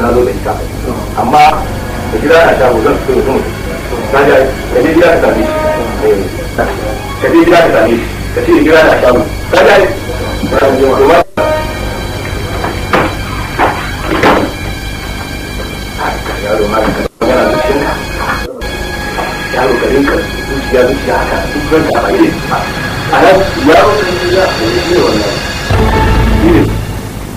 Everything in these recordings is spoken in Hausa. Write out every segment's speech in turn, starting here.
na zo da ita amma da gida na shago zan fito da zuwa ka ka je gida ka same shi ka je gida ka same shi ka ce gida na shago ka yaro ma ka magana da shi yaro ka rinka zuciya zuciya haka duk ranka a bayyana a nan yaro ka rinka zuciya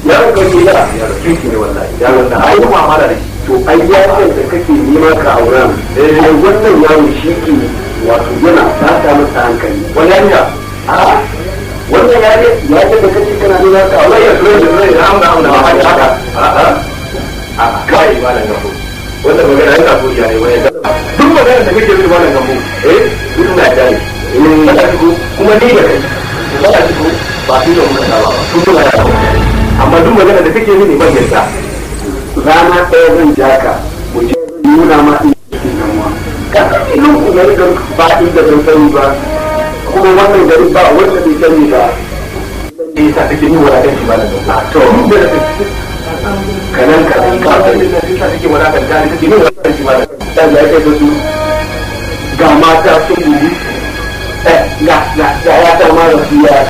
ya ka kake da ya da kike ne wallahi ya wannan ai kuma amana da to ai ya ce da kake nema ka aure eh wannan yaro shi ke wato yana fata masa hankali wannan ya a wannan ya ce ya ce da kake kana nema ka auren ya zo da zai ram da amna ba haka a a kai ba nan gabo wannan magana yana so ya ne wai duk magana da kake yi ba nan gabo eh duk na da ni eh, kuma ni da kai ba ta ba su da mun ba ba su duk magana da kake mini ban yarda rana ɗaya zan ja ka mu je nuna ma in cikin damuwa ka ilin umarin da ba inda zan sani ba kuma wannan gari ba wanda bai sani ba ne ta take ni wala kanki ba da to duk da take kanan ka ka ta take wala kan da take ni wala kanki ba da ya kai su ga mata sun yi eh ga ga ya ta mara fiya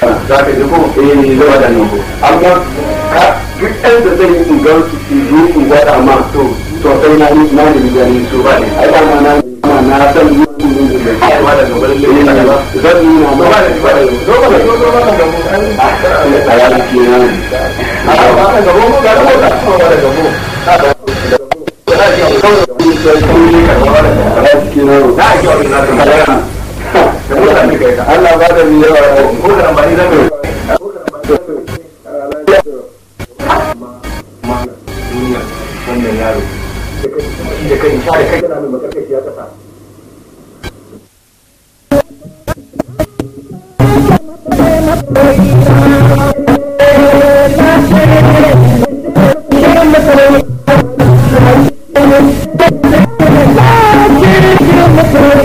sallama za ka ji ko eh ni ko amma ka duk ɗan da zai yi in ga su in gwada ma to to sai na ni na ni ni ba ne ai ma na ni na a Allah ba da amfani da mai wannan kai kai Thank you.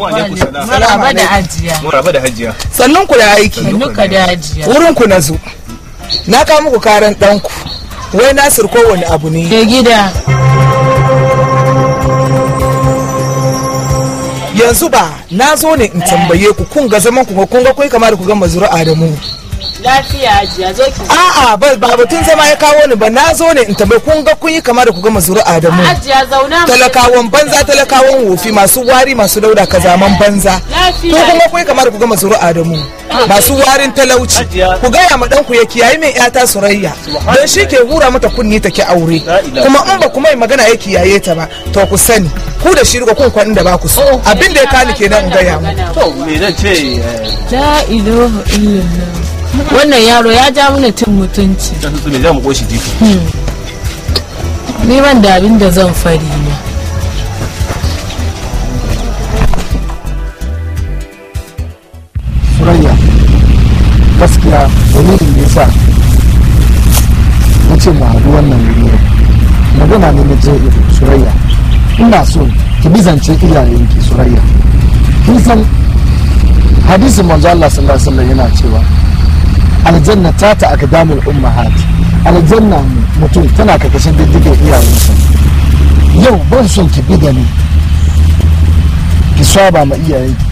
wa sannan ku da aiki sannan ku da ajiya. wurin ku na zo na kawo muku karan ɗanku wai nasir wani abu ne ke gida yanzu ba na zo ne in tambaye ku kun ga zaman ku kun ga kai kamar ku ga mazuru Adamu lafiya ajiya zo ki a'a ba ba batun zama ya kawo ni ba na zo ne in tambayi kun ga kun yi kama da ku gama Adamu ajiya zauna talakawan banza talakawan wofi masu wari masu dauda kazaman banza ku kuma kun yi kama da ku gama da Adamu masu warin talauci ku gaya ma ɗanku ya kiyaye mai yata surayya don shi ke hura mata kunni take aure kuma in ba kuma yi magana ya kiyaye ta ba to ku sani ku da shi riga kun kwanin da ba ku so oh, oh. abin da ya kani kenan in gaya mu to me zan ce eh? la ilaha illallah wannan yaro ya ja mana tun mutunci ta jiki hmm. ni ban da abin da zan fari ne surayya gaskiya dalilin da sa na ce mu haɗu wannan wuri magana ne na je surayya ina so ki bizance iyayenki surayya kin san hadisin manzo Allah sallallahu alaihi wasallam yana cewa aljanna ta ta aka Umma ummahat aljanna mutum tana kakashin diddigin iyayensa yau ban son ki bi da ni ki saba ma iyayenki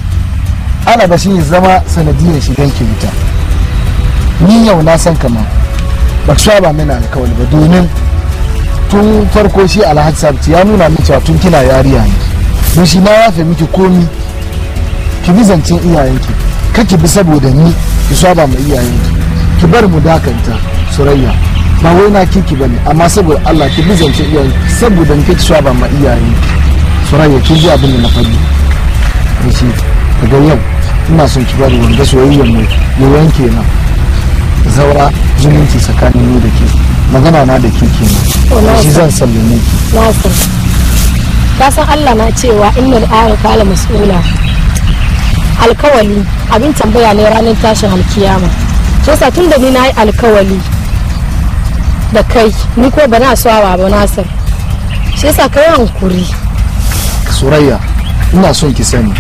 ana ba shi zama sanadiyar shigan ki wuta ni yau na san kama ba saba mana alkawali ba domin tun farko shi alhaji sabti ya nuna min cewa tun kina yariya ne don shi na yafe miki komi ki bi zancen iyayenki kake bi saboda ni ki saba ma iyayenki ki bar mu dakanta surayya ba wai na kiki bane amma saboda Allah ki bizance iyayen saboda ki ci ba ma iyaye surayya ki ji abin da na faɗi shi daga yau ina son ki bar wanda soyayyar mu ya yanke na zaura zumunci tsakanin ni da ke magana na da ke shi zan sallame ki ka san Allah na cewa inna al-ayatu kala mas'ula alkawali abin tambaya ne ranar tashin alkiyama shi tun da ni na yi alkawali da kai ni ko ba na so awa ba nasir shi yasa kai hankuri surayya ina son ki sani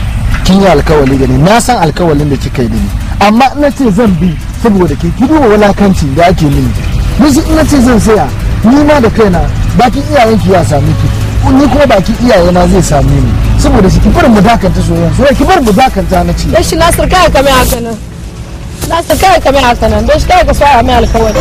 kin yi alkawali da ni na san alkawalin da kika yi da ni amma ina ce zan bi saboda ke ki duba wulakanci da ake mini musu ina ce zan saya ni ma da kaina bakin iyayenki ya sami ki ni kuma bakin iyayena zai same ni saboda shi ki bar mu dakanta soyayya soyayya ki bar mu dakanta na ce yashi nasir kai mai haka nan નાસ્તો કયા તમે આ સનન દોસ્ત કયા કે સ્વાય અમે ખબર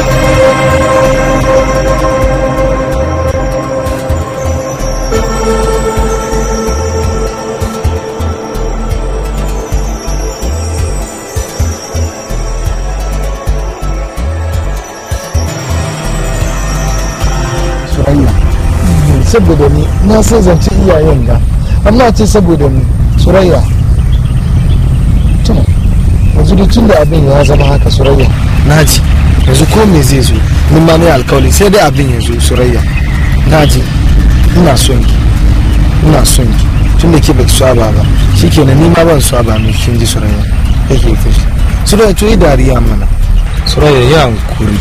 saboda ni na san zance iyayen ga amma ce saboda ni surayya yanzu duk tun da abin ya zama haka surayya naji yanzu ko me zai zo ni ma ne alkawali sai dai abin ya zo surayya naji ina son ki ina son ki tun da ke baki saba ba shikenan ni ma ban saba mai kin ji surayya kake fushi surayya to yi dariya mana surayya ya hankuri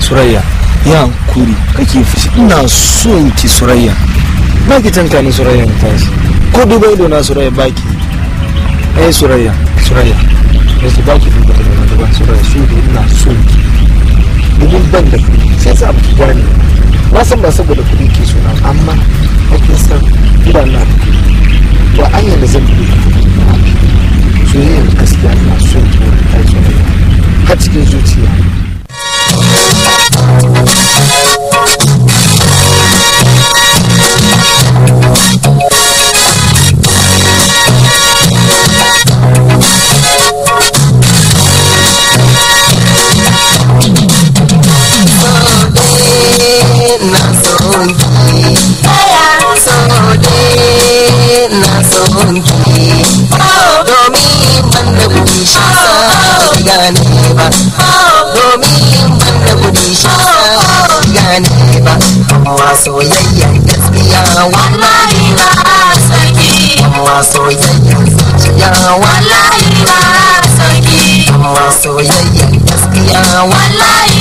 surayya ya hankuri kake fushi ina son ki surayya ba ki tanka ni surayya ta tashi ko dubai na surayya baki ai eh, surayya surayya na ce ba ki duba da wani su da su da ina domin ban da kuɗi sai sa ne wani na san ba saboda kuɗi ke suna amma ake san ina na kuɗi ba an yana zan kuɗi soyayyar gaskiya na so ta yi soyayya har cikin zuciya soyayyar gaskiya wallahi na sarki amma soyayyar zuciya wallahi na sarki amma soyayyar gaskiya wallahi